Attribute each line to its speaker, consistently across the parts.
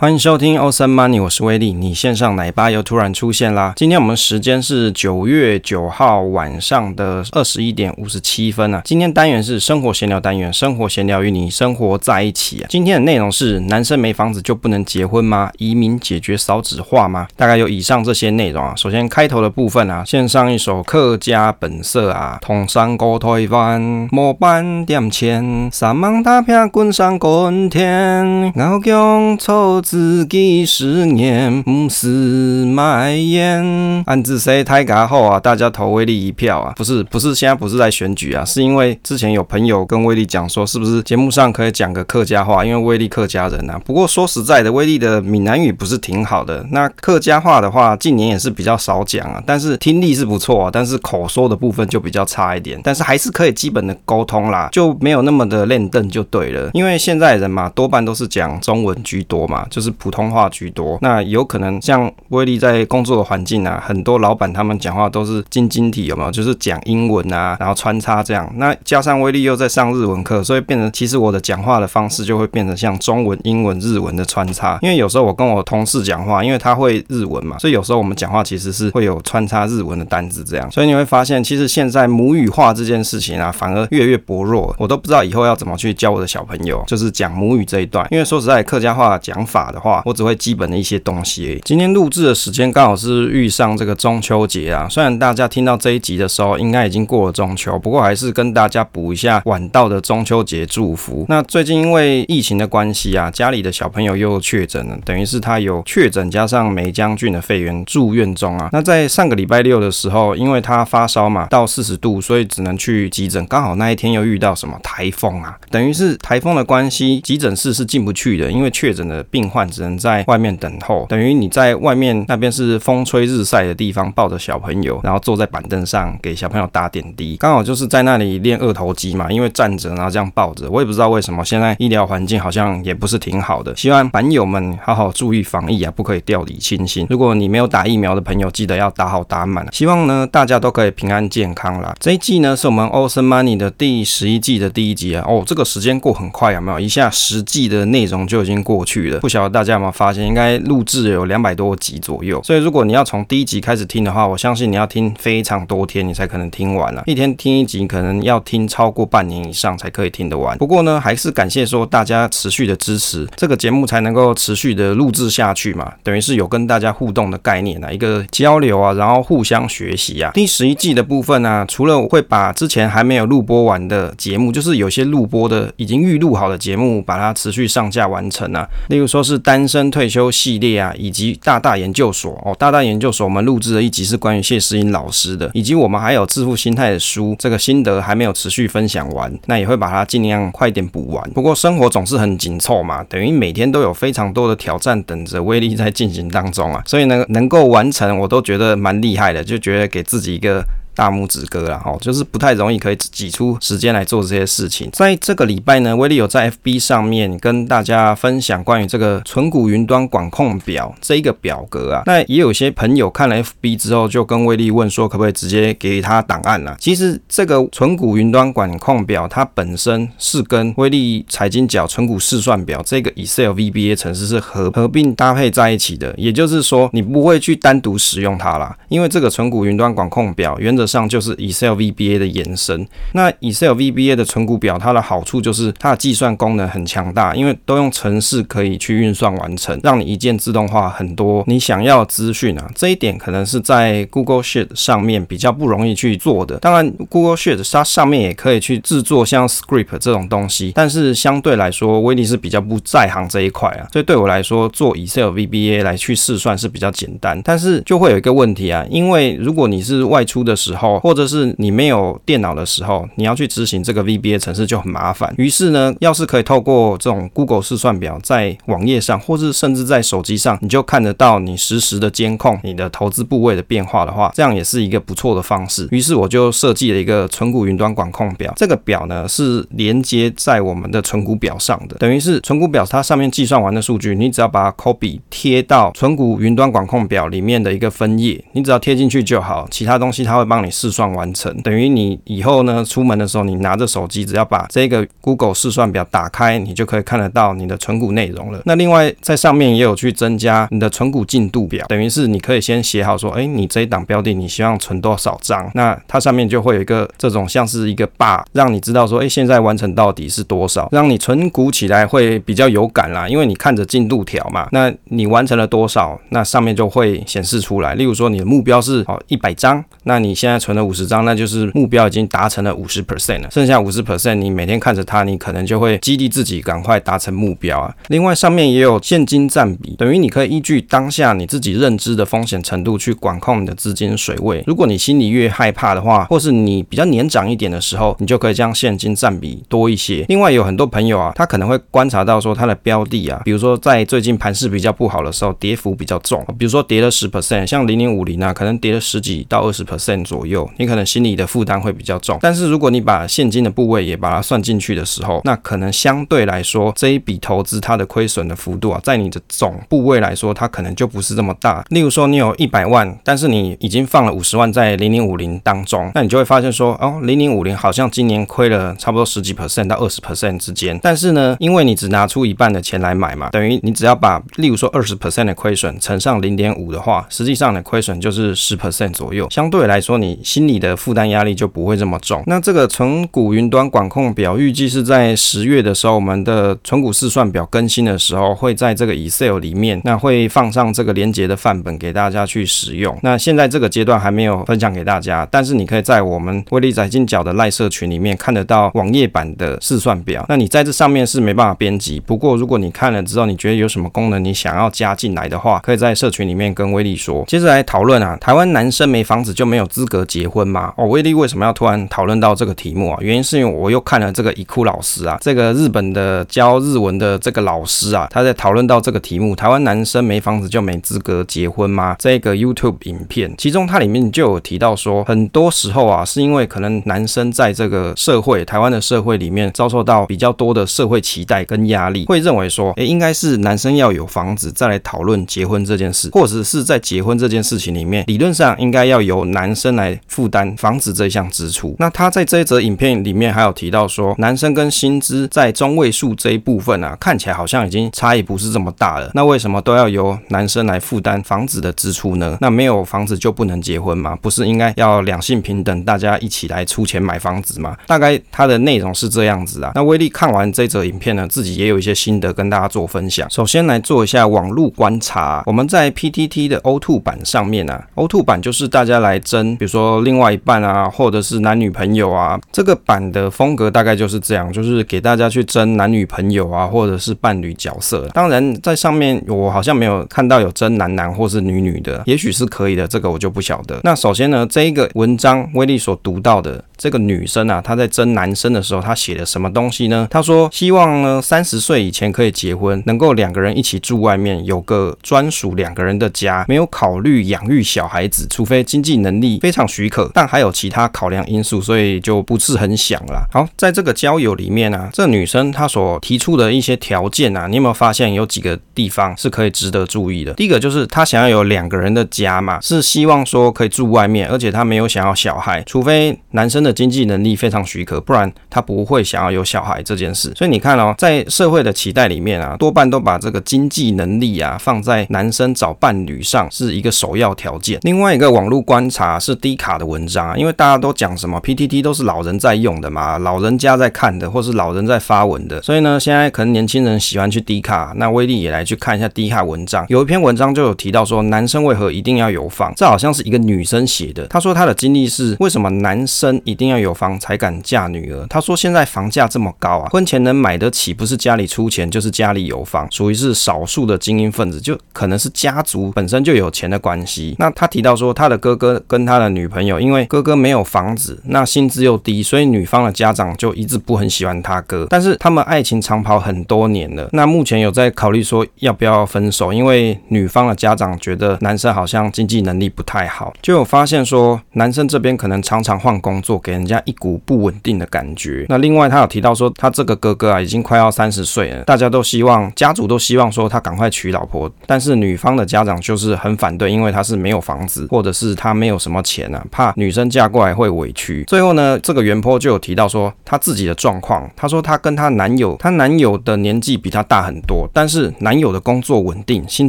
Speaker 1: 歡迎收聽《Awesome Money》，我是威利。你線上奶爸又突然出現啦！今天我們時間是九月九號晚上的二十一點五十七分啊。今天單元是生活閒聊單元，生活閒聊與你生活在一起啊。今天的內容是：男生沒房子就不能結婚嗎？移民解決少子化嗎？大概有以上這些內容啊。首先開頭的部分啊，獻上一首客家本色啊，唐山過台灣，無半點錢，煞猛打拼耕山耕田，咬薑粗。自己十年不是賣煙，俺這 c 抬嘎後啊？大家投威利一票啊！不是，不是，現在不是在選舉啊，是因為之前有朋友跟威利講說，是不是節目上可以講個客家話？因為威利客家人吶、啊。不過說實在的，威利的閩南語不是挺好的。那客家話的話，近年也是比較少講啊，但是聽力是不錯，啊，但是口說的部分就比較差一點。但是還是可以基本的溝通啦，就沒有那麼的練鄧就對了。因為現在人嘛，多半都是講中文居多嘛。就是普通話居多，那有可能像威利在工作的環境啊，很多老闆他們講話都是晶晶體有沒有？就是講英文啊，然後穿插這樣。那加上威利又在上日文課，所以變成其實我的講話的方式就會變成像中文、英文、日文的穿插。因為有時候我跟我同事講話，因為他會日文嘛，所以有時候我們講話其實是會有穿插日文的單字這樣。所以你會發現，其實現在母語化這件事情啊，反而越來越薄弱。我都不知道以後要怎麼去教我的小朋友，就是講母語這一段，因為說實在客家話講法。的話，我只會基本的一些東西、欸。今天錄制的時間剛好是遇上這個中秋節啊。雖然大家聽到這一集的時候，應該已經過了中秋，不過還是跟大家補一下晚到的中秋節祝福。那最近因為疫情的關係啊，家裡的小朋友又確診了，等於是他有確診加上黴漿菌的肺炎住院中啊。那在上個禮拜六的時候，因為他發燒嘛，到四十度，所以只能去急診。剛好那一天又遇到什麼台風啊，等於是台風的關係，急診室是進不去的，因為確診的病患。只能在外面等候，等於你在外面那邊是風吹日曬的地方，抱着小朋友，然後坐在板凳上給小朋友打點滴，剛好就是在那裡練二頭肌嘛，因為站着然後這樣抱着，我也不知道為什麼現在醫療環境好像也不是挺好的，希望板友們好好注意防疫啊，不可以掉以輕心。如果你沒有打疫苗的朋友，記得要打好打滿。希望呢，大家都可以平安健康啦。這一季呢，是我們歐森 money 的第十一季的第一集啊，哦，這個時間過很快有、啊、沒有一下實際的內容就已經過去了，不曉。大家有沒有發現，應該錄製有兩百多集左右，所以如果你要從第一集開始聽的話，我相信你要聽非常多天，你才可能聽完了啊。一天聽一集，可能要聽超過半年以上才可以聽得完。不過呢，還是感謝說大家持續的支持，這個節目才能夠持續的錄製下去嘛。等於是有跟大家互動的概念啊，一個交流啊，然後互相學習啊。第十一季的部分呢啊，除了我會把之前還沒有錄播完的節目，就是有些錄播的已經預錄好的節目，把它持續上架完成啊。例如說。是單身退休系列啊，以及大大研究所哦，大大研究所我們錄制的一集是關於謝詩穎老師的，以及我們還有致富心態的書，這個心得還沒有持續分享完，那也會把它儘量快點補完。不過生活總是很緊湊嘛，等於每天都有非常多的挑戰等着威力在進行當中啊，所以呢，能夠完成，我都覺得蠻厲害的，就覺得給自己一個。大拇指哥啦，哦，就是不太容易可以擠出時間來做這些事情。在這個禮拜呢，威利有在 FB 上面跟大家分享關於這個存股雲端管控表這一個表格啊，那也有些朋友看了 FB 之後，就跟威利問說，可不可以直接給他檔案啦，啊？其實這個存股雲端管控表它本身是跟威利財經角存股試算表這個 Excel VBA 程式，是合合併搭配在一起的，也就是說你不會去單獨使用它啦，因為這個存股雲端管控表原則。上就是 Excel VBA 的延伸。那 Excel VBA 的存股表，它的好處就是它的計算功能很強大，因為都用程式可以去運算完成，讓你一鍵自動化很多你想要資訊啊。這一點可能是在 Google Sheet 上面比較不容易去做的。當然，Google Sheet 它上面也可以去製作像 Script 這種東西，但是相對來說，威利是比較不在行這一塊啊。所以對我來說，做 Excel VBA 來去試算是比較簡單，但是就會有一個問題啊，因為如果你是外出的時候。後，或者是你沒有電腦的時候，你要去執行這個 VBA 程式，就很麻煩。於是呢，要是可以透過這種 Google 試算表，在網頁上，或是甚至在手機上，你就看得到你實時的監控你的投資部位的變化的話，這樣也是一個不錯的方式。於是我就設計了一個存股雲端管控表，這個表呢，是連接在我們的存股表上的，等於是存股表它上面計算完的數據，你只要把 Copy 貼到存股雲端管控表裡面的一個分頁，你只要貼進去就好，其他東西它會幫。讓你試算完成，等於你以後呢出門的時候，你拿着手機，只要把這個 Google 試算表打開，你就可以看得到你的存股內容了。那另外在上面也有去增加你的存股進度表，等於是你可以先寫好說，誒，你這一檔標的你希望存多少張，那它上面就會有一個這種像是一個 bar，讓你知道說，誒，現在完成到底是多少，讓你存股起來會比較有感啦，因為你看着進度條嘛，那你完成了多少，那上面就會顯示出來。例如說你的目標是哦一百張，那你先。現在存了五十張，那就是目標已經達成了五十 percent 了，剩下五十 percent 你每天看着它，你可能就會激勵自己趕快達成目標啊。另外上面也有現金佔比，等於你可以依據當下你自己認知的風險程度去管控你的資金水位。如果你心裡越害怕的話，或是你比較年長一點的時候，你就可以將現金佔比多一些。另外有很多朋友啊，他可能會觀察到說他的標的啊，比如說在最近盤勢比較不好的時候，跌幅比較重，比如說跌了十 percent，像零零五零啊，可能跌了十幾到二十 percent 左右。左右，你可能心理的負擔會比較重。但是如果你把現金的部位也把它算進去的時候，那可能相對來說這一筆投資它的虧損的幅度啊，在你的總部位來說，它可能就不是這麼大。例如說你有一百萬，但是你已經放了五十萬在零零五零當中，那你就會發現說，哦，零零五零好像今年虧了差不多十幾 percent 到二十 percent 之間。但是呢，因為你只拿出一半的錢來買嘛，等於你只要把例如說二十 percent 的虧損乘上零點五的話，實際上的虧損就是十 percent 左右。相對來說你，心理的負擔壓力就不會這麼重。那這個存股雲端管控表預計是在十月的時候，我們的存股試算表更新的時候，會在這個 Excel 裡面，那會放上這個連接的範本給大家去使用。那現在這個階段還沒有分享給大家，但是你可以在我們威利財經角的賴社群裡面看得到網頁版的試算表。那你在這上面是沒辦法編輯。不過如果你看了之後，你覺得有什麼功能你想要加進來的話，可以在社群裡面跟威利說。接着來討論啊，台灣男生沒房子就沒有資格。結婚嗎？哦，威利為什麼要突然討論到這個題目啊？原因是因為我又看了這個伊庫老師啊，這個日本的教日文的這個老師啊，他在討論到這個題目，台灣男生沒房子就沒資格結婚嗎？這個 YouTube 影片，其中它裡面就有提到說，很多時候啊，是因為可能男生在這個社會，台灣的社會裡面，遭受到比較多的社會期待跟壓力，會認為說，誒，應該是男生要有房子再來討論結婚這件事，或者是在結婚這件事情裡面，理論上應該要由男生來。來負擔房子這一項支出，那他在這一則影片裡面還有提到說，男生跟薪資在中位數這一部分啊，看起來好像已經差異不是這麼大了。那為什麼都要由男生來負擔房子的支出呢？那沒有房子就不能結婚嗎？不是應該要兩性平等，大家一起來出錢買房子嗎？大概他的內容是這樣子啊。那威利看完這則影片呢，自己也有一些心得跟大家做分享。首先來做一下網絡觀察啊，我們在 PTT 的 O2 版上面啊，O2 版就是大家來爭，比如說。說另外一半啊，或者是男女朋友啊，這個版的風格大概就是這樣，就是給大家去徵男女朋友啊，或者是伴侶角色。當然，在上面我好像沒有看到有徵男男或是女女的，也許是可以的，這個我就不曉得。那首先呢，這一個文章威利所讀到的這個女生啊，她在徵男生的時候，她寫的什麼東西呢？她說希望呢三十歲以前可以結婚，能夠兩個人一起住外面，有個專屬兩個人的家，沒有考慮養育小孩子，除非經濟能力非常。許可，但還有其他考量因素，所以就不是很想了。好，在這個交友裡面啊，這女生她所提出的一些條件啊，你有沒有發現有幾個地方是可以值得注意的？第一個就是她想要有兩個人的家嘛，是希望說可以住外面，而且她沒有想要小孩，除非男生的經濟能力非常許可，不然她不會想要有小孩這件事。所以你看哦，在社會的期待裡面啊，多半都把這個經濟能力啊放在男生找伴侶上是一個首要條件。另外一個網絡觀察是第。D 卡的文章啊，因為大家都講什麼 PTT 都是老人在用的嘛，老人家在看的，或是老人在發文的，所以呢，現在可能年輕人喜歡去 D 卡。那威利也來去看一下 D 卡文章，有一篇文章就有提到說，男生為何一定要有房？這好像是一個女生寫的。她說她的經歷是，為什麼男生一定要有房才敢嫁女兒？她說現在房價這麼高啊，婚前能買得起，不是家裡出錢，就是家裡有房，屬於是少數的精英分子，就可能是家族本身就有錢的關係。那她提到說，她的哥哥跟她的。女朋友，因為哥哥沒有房子，那薪資又低，所以女方的家長就一直不很喜歡他哥。但是他們愛情長跑很多年了，那目前有在考慮說要不要分手，因為女方的家長覺得男生好像經濟能力不太好，就有發現說男生這邊可能常常換工作，給人家一股不穩定的感覺。那另外他有提到說，他這個哥哥啊已經快要三十歲了，大家都希望家族都希望說他趕快娶老婆，但是女方的家長就是很反對，因為他是沒有房子，或者是他沒有什麼錢。哪怕女生嫁過來會委屈。最後呢，這個原 PO 就有提到說她自己的狀況。她說她跟她男友，她男友的年紀比她大很多，但是男友的工作穩定，薪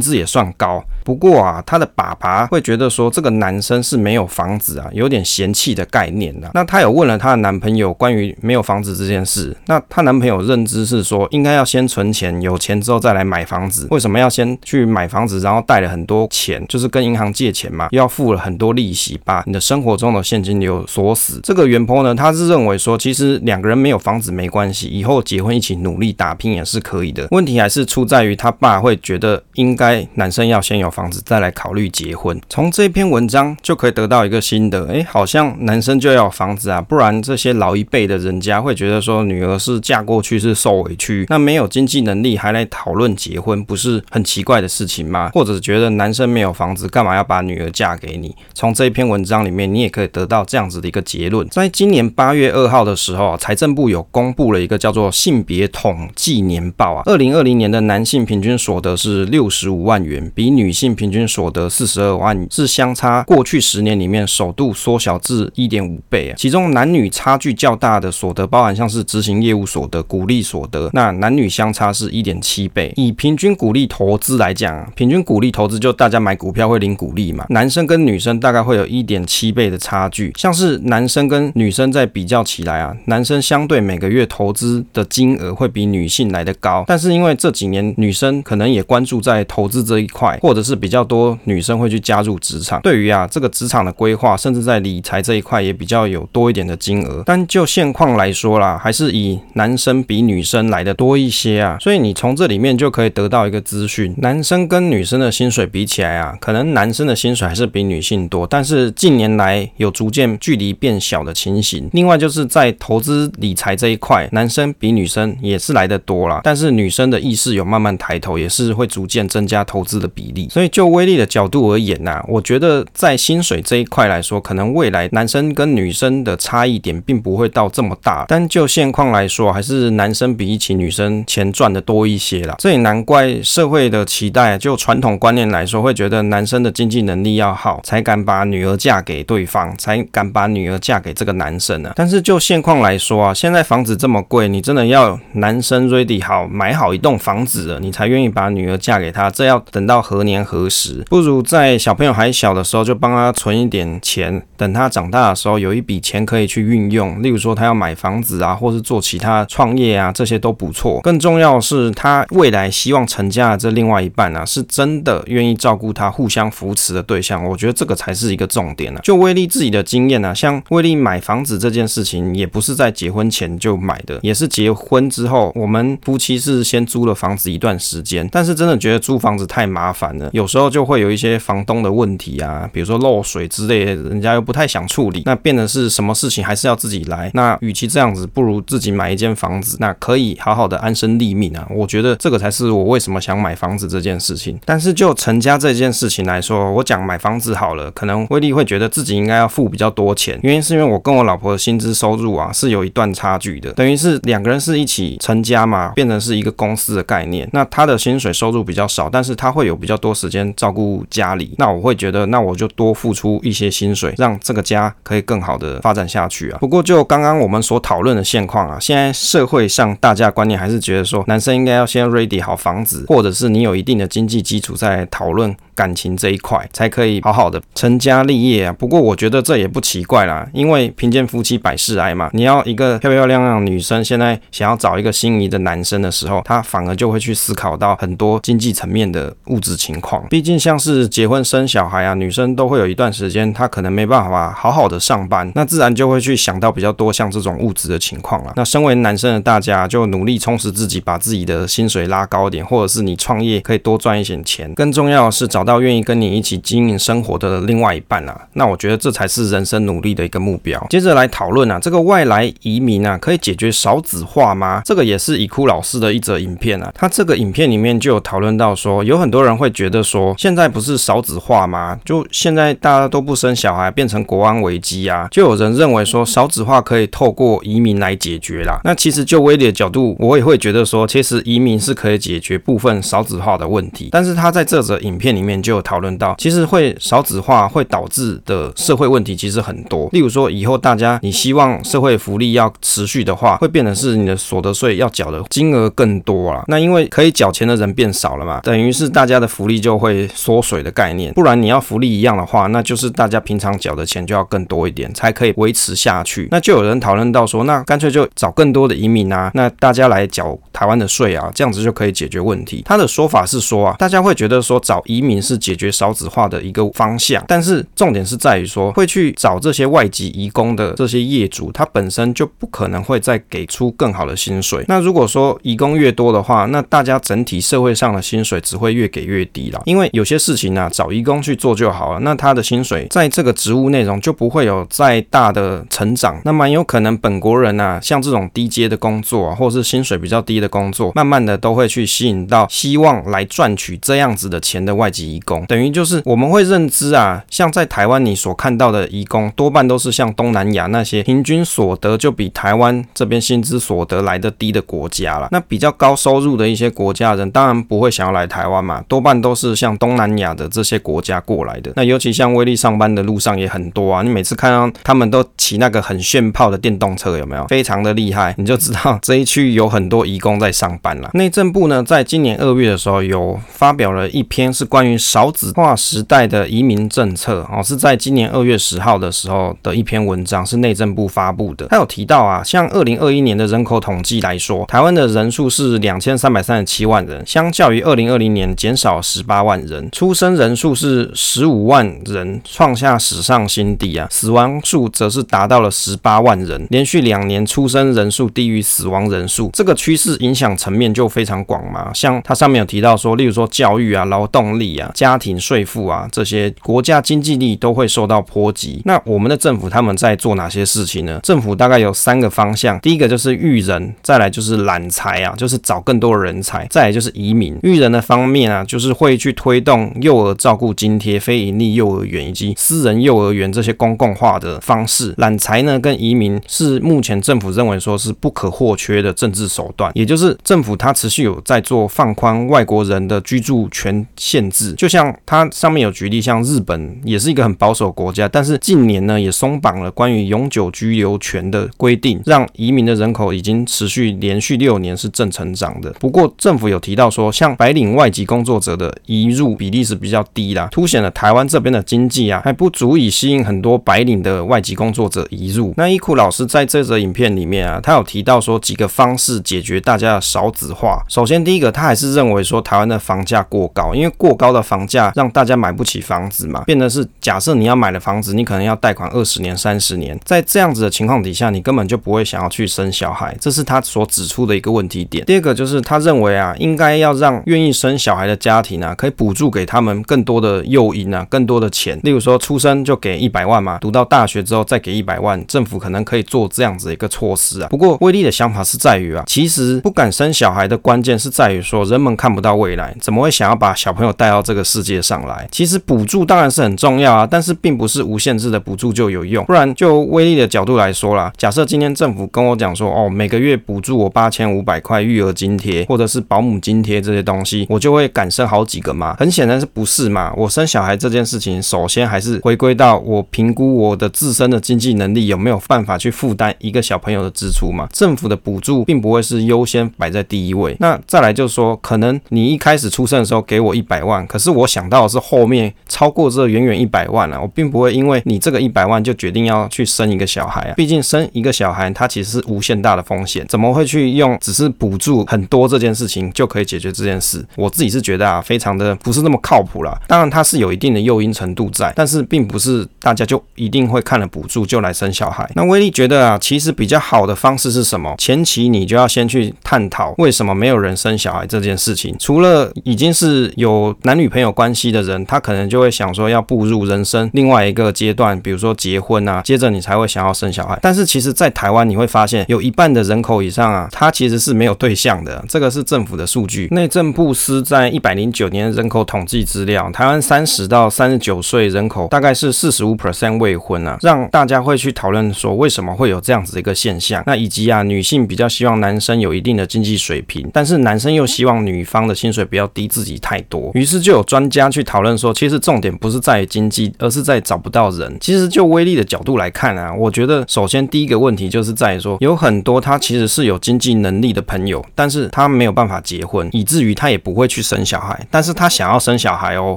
Speaker 1: 資也算高。不過啊，她的爸爸會覺得說這個男生是沒有房子啊，有點嫌棄的概念、啊、那她有問了她的男朋友關於沒有房子這件事。那她男朋友認知是說應該要先存錢，有錢之後再來買房子。為什麼要先去買房子，然後貸了很多錢，就是跟銀行借錢嘛，要付了很多利息吧？你的生活中的現金流鎖死，這個原 PO 呢，他是認為說，其實兩個人沒有房子沒關係，以後結婚一起努力打拼也是可以的。問題還是出在於他爸會覺得應該男生要先有房子再來考慮結婚。從這篇文章就可以得到一個心得，哎，好像男生就要有房子啊，不然這些老一輩的人家會覺得說女兒是嫁過去是受委屈，那沒有經濟能力還來討論結婚，不是很奇怪的事情嗎？或者覺得男生沒有房子，幹嘛要把女兒嫁給你？從這一篇文章。裡面你也可以得到這樣子的一個結論。在今年八月二號的時候啊，財政部有公布了一個叫做性別統計年報啊。二零二零年的男性平均所得是六十五萬元，比女性平均所得四十二萬是相差，過去十年裡面，首度縮小至一點五倍啊。其中男女差距較大的所得，包含像是執行業務所得、股利所得，那男女相差是一點七倍。以平均股利投資來講啊，平均股利投資就大家買股票會領股利嘛，男生跟女生大概會有一點。七倍的差距，像是男生跟女生在比較起來啊，男生相對每個月投資的金額會比女性來得高，但是因為這幾年女生可能也關注在投資這一塊，或者是比較多女生會去加入職場，對於啊這個職場的規劃，甚至在理財這一塊也比較有多一點的金額，但就現況來說啦，還是以男生比女生來得多一些啊，所以你從這裡面就可以得到一個資訊，男生跟女生的薪水比起來啊，可能男生的薪水還是比女性多，但是近。年來有逐漸距離變小的情形，另外就是在投資理財這一塊，男生比女生也是來的多了，但是女生的意識有慢慢抬頭，也是會逐漸增加投資的比例。所以就威利的角度而言吶、啊，我覺得在薪水這一塊來說，可能未來男生跟女生的差異點並不會到這麼大。但就現況來說，還是男生比起女生錢賺的多一些了，這也難怪社會的期待，就傳統觀念來說，會覺得男生的經濟能力要好，才敢把女兒嫁給給對方才敢把女兒嫁給這個男生呢、啊。但是就現況來說啊，現在房子這麼貴，你真的要男生 ready 好買好一棟房子了，你才願意把女兒嫁給他。這要等到何年何時？不如在小朋友還小的時候就幫他存一點錢，等他長大的時候有一筆錢可以去運用。例如說他要買房子啊，或是做其他創業啊，這些都不錯。更重要的是，他未來希望成家的這另外一半啊，是真的願意照顧他、互相扶持的對象。我覺得這個才是一個重點。就威利自己的經驗啊，像威利買房子這件事情，也不是在結婚前就買的，也是結婚之後，我們夫妻是先租了房子一段時間，但是真的覺得租房子太麻煩了，有時候就會有一些房東的問題啊，比如說漏水之類的，人家又不太想處理，那變得是什麼事情還是要自己來。那與其這樣子，不如自己買一間房子，那可以好好的安身立命啊。我覺得這個才是我為什麼想買房子這件事情。但是就成家這件事情來說，我講買房子好了，可能威利會覺得。覺得自己應該要付比較多錢，原因是因為我跟我老婆的薪資收入啊是有一段差距的，等於是兩個人是一起成家嘛，變成是一個公司的概念。那他的薪水收入比較少，但是他會有比較多時間照顧家裡。那我會覺得，那我就多付出一些薪水，讓這個家可以更好的發展下去啊。不過就剛剛我們所討論的現況啊，現在社會上大家的觀念還是覺得說，男生應該要先 ready 好房子，或者是你有一定的經濟基礎再討論。感情這一塊才可以好好的成家立業啊。不過我覺得這也不奇怪啦，因為貧賤夫妻百事哀嘛。你要一個漂漂亮亮的女生現在想要找一個心儀的男生的時候，她反而就會去思考到很多經濟層面的物質情況。畢竟像是結婚生小孩啊，女生都會有一段時間，她可能沒辦法好好的上班，那自然就會去想到比較多像這種物質的情況了。那身為男生的大家，就努力充實自己，把自己的薪水拉高一點，或者是你創業可以多賺一點錢。更重要的是找到。到願意跟你一起經營生活的另外一半啊，那我覺得這才是人生努力的一個目標。接着來討論啊，這個外來移民啊，可以解決少子化嗎？這個也是以庫老師的一則影片啊，他這個影片裡面就有討論到說，有很多人會覺得說，現在不是少子化嗎？就現在大家都不生小孩，變成國安危機啊，就有人認為說，少子化可以透過移民來解決啦。那其實就威利的角度，我也會覺得說，其實移民是可以解決部分少子化的問題，但是他在這則影片裡面。就有討論到，其實會少子化會導致的社會問題其實很多，例如說，以後大家你希望社會福利要持續的話，會變成是你的所得稅要繳的金額更多了啊，那因為可以繳錢的人變少了嘛，等於是大家的福利就會縮水的概念。不然你要福利一樣的話，那就是大家平常繳的錢就要更多一點才可以維持下去。那就有人討論到說，那乾脆就找更多的移民啊，那大家來繳台灣的稅啊，這樣子就可以解決問題。他的說法是說啊，大家會覺得說找移民，是解決少子化的一個方向，但是重點是在於說，會去找這些外籍移工的這些業主，他本身就不可能會再給出更好的薪水。那如果說移工越多的話，那大家整體社會上的薪水只會越給越低了。因為有些事情啊，找移工去做就好了，那他的薪水在這個職務內容就不會有再大的成長。那蠻有可能本國人啊，像這種低階的工作啊，或是薪水比較低的工作，慢慢的都會去吸引到希望來賺取這樣子的錢的外籍。移工等於就是我們會認知啊，像在台灣你所看到的移工，多半都是像東南亞那些平均所得就比台灣這邊薪資所得來得低的國家啦。那比較高收入的一些國家人，當然不會想要來台灣嘛，多半都是像東南亞的這些國家過來的。那尤其像威利上班的路上也很多啊，你每次看到他們都騎那個很炫炮的電動車，有沒有非常的厲害？你就知道這一區域有很多移工在上班啦。內政部呢，在今年二月的時候有發表了一篇是關於。少子化時代的移民政策哦，是在今年二月十號的時候的一篇文章，是內政部發布的。他有提到啊，像二零二一年的人口統計來說，台灣的人數是兩千三百三十七萬人，相較於二零二零年減少十八萬人，出生人數是十五萬人，創下史上新低啊，死亡數則是達到了十八萬人，連續兩年出生人數低於死亡人數，這個趨勢影響層面就非常廣嘛。像他上面有提到說，例如說教育啊、勞動力啊。家庭稅負啊，這些國家經濟力都會受到波及。那我們的政府他們在做哪些事情呢？政府大概有三個方向：第一個就是育人，再來就是攬才啊，就是找更多的人才；再來就是移民。育人的方面啊，就是會去推動幼兒照顧津貼、非營利幼兒園以及私人幼兒園這些公共化的方式。攬才呢，跟移民是目前政府認為說是不可或缺的政治手段，也就是政府它持續有在做放寬外國人的居住權限制。就像它上面有舉例，像日本也是一個很保守國家，但是近年呢也鬆綁了關於永久居留權的規定，讓移民的人口已經持續連續六年是正成長的。不過政府有提到說，像白領外籍工作者的移入比例是比較低啦，凸顯了台灣這邊的經濟啊還不足以吸引很多白領的外籍工作者移入。那伊庫老師在這則影片裡面啊，他有提到說幾個方式解決大家的少子化。首先第一個，他還是認為說台灣的房價過高，因為過高的。房價讓大家買不起房子嘛，變得是假設你要買了房子，你可能要貸款二十年、三十年，在這樣子的情況底下，你根本就不會想要去生小孩，這是他所指出的一個問題點。第二個就是他認為啊，應該要讓願意生小孩的家庭啊，可以補助給他們更多的誘因啊，更多的錢，例如說出生就給一百萬嘛，讀到大學之後再給一百萬，政府可能可以做這樣子一個措施啊。不過威利的想法是在於啊，其實不敢生小孩的關鍵是在於說人們看不到未來，怎麼會想要把小朋友帶到這個世界上來，其實補助當然是很重要啊，但是並不是無限制的補助就有用。不然就威力的角度來說啦，假設今天政府跟我講說，哦，每個月補助我八千五百塊育兒津貼，或者是保姆津貼這些東西，我就會敢生好幾個嘛。很顯然是不是嘛。我生小孩這件事情，首先還是回歸到我評估我的自身的經濟能力有沒有辦法去負擔一個小朋友的支出嘛。政府的補助並不會是優先擺在第一位。那再來就說，可能你一開始出生的時候給我一百萬，可是我想到的是後面超過這遠遠一百萬了啊，我並不會因為你這個一百萬就決定要去生一個小孩啊。畢竟生一個小孩，它其實是無限大的風險，怎麼會去用只是補助很多這件事情就可以解決這件事？我自己是覺得啊，非常的不是那麼靠譜了。當然它是有一定的誘因程度在，但是並不是大家就一定會看了補助就來生小孩。那威利覺得啊，其實比較好的方式是什麼？前期你就要先去探討為什麼沒有人生小孩這件事情，除了已經是有男女。朋友關係的人，他可能就會想說要步入人生另外一個階段，比如說結婚啊，接着你才會想要生小孩。但是其實，在台灣你會發現，有一半的人口以上啊，他其實是沒有對象的。這個是政府的數據，內政部司在一百零九年人口統計資料，台灣三十到三十九歲人口大概是四十五 percent 未婚啊，讓大家會去討論說為什麼會有這樣子的一個現象，那以及啊，女性比較希望男生有一定的經濟水平，但是男生又希望女方的薪水不要低自己太多，於是就有。專家去討論說，其實重點不是在於經濟，而是在找不到人。其實就威利的角度來看啊，我覺得首先第一個問題就是在於說，有很多他其實是有經濟能力的朋友，但是他沒有辦法結婚，以至於他也不會去生小孩。但是他想要生小孩哦，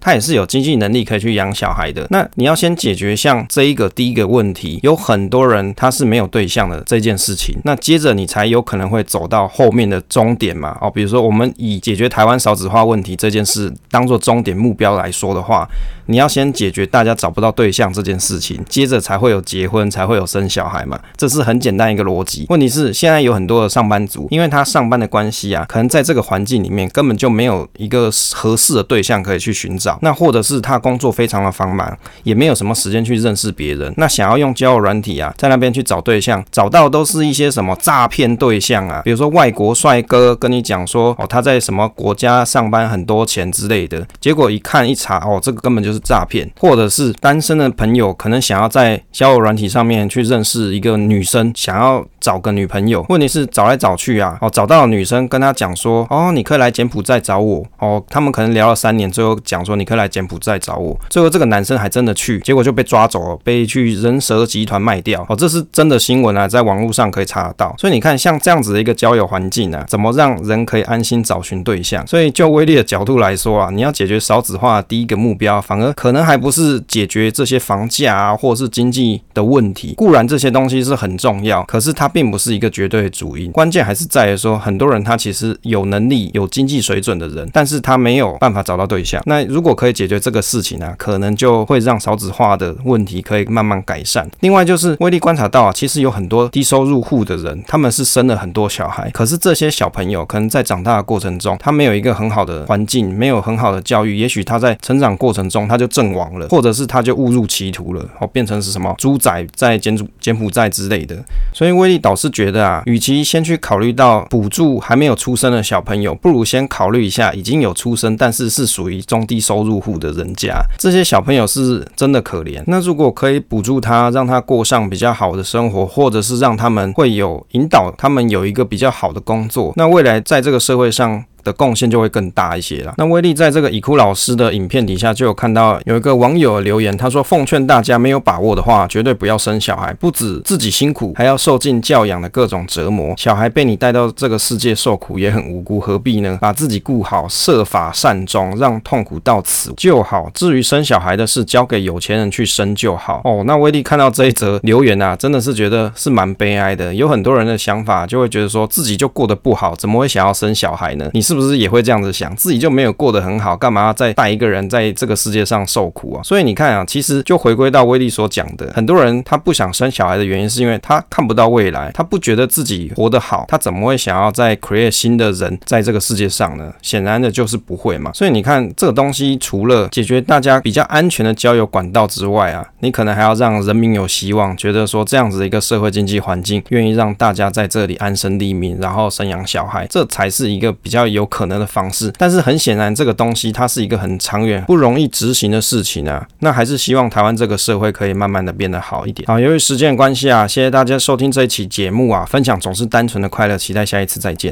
Speaker 1: 他也是有經濟能力可以去養小孩的。那你要先解決像這一個第一個問題，有很多人他是沒有對象的這件事情。那接着你才有可能會走到後面的終點嘛。哦，比如說我們以解決台灣少子化問題這件事當做終點目標來說的話。你要先解決大家找不到對象這件事情，接着才會有結婚，才會有生小孩嘛，這是很簡單一個邏輯。問題是現在有很多的上班族，因為他上班的關係啊，可能在這個環境裡面根本就沒有一個合適的對象可以去尋找。那或者是他工作非常的繁忙，也沒有什麼時間去認識別人。那想要用交友軟體啊，在那邊去找對象，找到都是一些什麼詐騙對象啊，比如說外國帥哥跟你講說哦，他在什麼國家上班很多錢之類的，結果一看一查哦，這個根本就是。就是詐騙，或者是單身的朋友可能想要在交友軟體上面去認識一個女生，想要找個女朋友。問題是找來找去啊，哦，找到的女生跟他講說，哦，你可以來柬埔寨找我，哦，他們可能聊了三年，最後講說你可以來柬埔寨找我，最後這個男生還真的去，結果就被抓走了，被去人蛇集團賣掉。哦，這是真的新聞啊，在網絡上可以查得到。所以你看，像這樣子的一個交友環境呢、啊，怎麼讓人可以安心找尋對象？所以就威利的角度來說啊，你要解決少子化，第一個目標防。可能還不是解決這些房價啊，或是經濟的問題。固然這些東西是很重要，可是它並不是一個絕對的主因。關鍵還是在於說，很多人他其實有能力、有經濟水準的人，但是他沒有辦法找到對象。那如果可以解決這個事情啊，可能就會讓少子化的問題可以慢慢改善。另外就是威利觀察到，啊，其實有很多低收入戶的人，他們是生了很多小孩，可是這些小朋友可能在長大的過程中，他沒有一個很好的環境，沒有很好的教育，也許他在成長過程中，他就陣亡了，或者是他就誤入歧途了，哦，變成是什麼豬仔在柬埔寨之類的。所以威利倒是覺得啊，與其先去考慮到補助還沒有出生的小朋友，不如先考慮一下已經有出生但是是屬於中低收入戶的人家，這些小朋友是真的可憐。那如果可以補助他，讓他過上比較好的生活，或者是讓他們會有引導他們有一個比較好的工作，那未來在這個社會上的貢獻就會更大一些了。那威利在這個以哭老師的影片底下就有看到有一個網友留言，他說：“奉勸大家，沒有把握的話，絕對不要生小孩，不止自己辛苦，還要受盡教養的各種折磨。小孩被你帶到這個世界受苦也很無辜，何必呢？把自己顧好，設法善終，讓痛苦到此就好。至於生小孩的事，交給有錢人去生就好。”哦，那威利看到這一則留言啊，真的是覺得是蠻悲哀的。有很多人的想法就會覺得說自己就過得不好，怎麼會想要生小孩呢？你是？是不是也會這樣子想？自己就沒有過得很好，幹嘛要再帶一個人在這個世界上受苦啊？所以你看啊，其實就回歸到威利所講的，很多人他不想生小孩的原因，是因為他看不到未來，他不覺得自己活得好，他怎麼會想要再 create 新的人在這個世界上呢？顯然的就是不會嘛。所以你看這個東西，除了解決大家比較安全的交友管道之外啊，你可能還要讓人民有希望，覺得說這樣子的一個社會經濟環境，願意讓大家在這裡安身立命，然後生養小孩，這才是一個比較有。有可能的方式，但是很顯然，這個東西它是一個很長遠、不容易執行的事情啊。那還是希望台灣這個社會可以慢慢的變得好一點。好，由於時間的關係啊，謝謝大家收聽這一期節目啊，分享總是單純的快樂，期待下一次再見。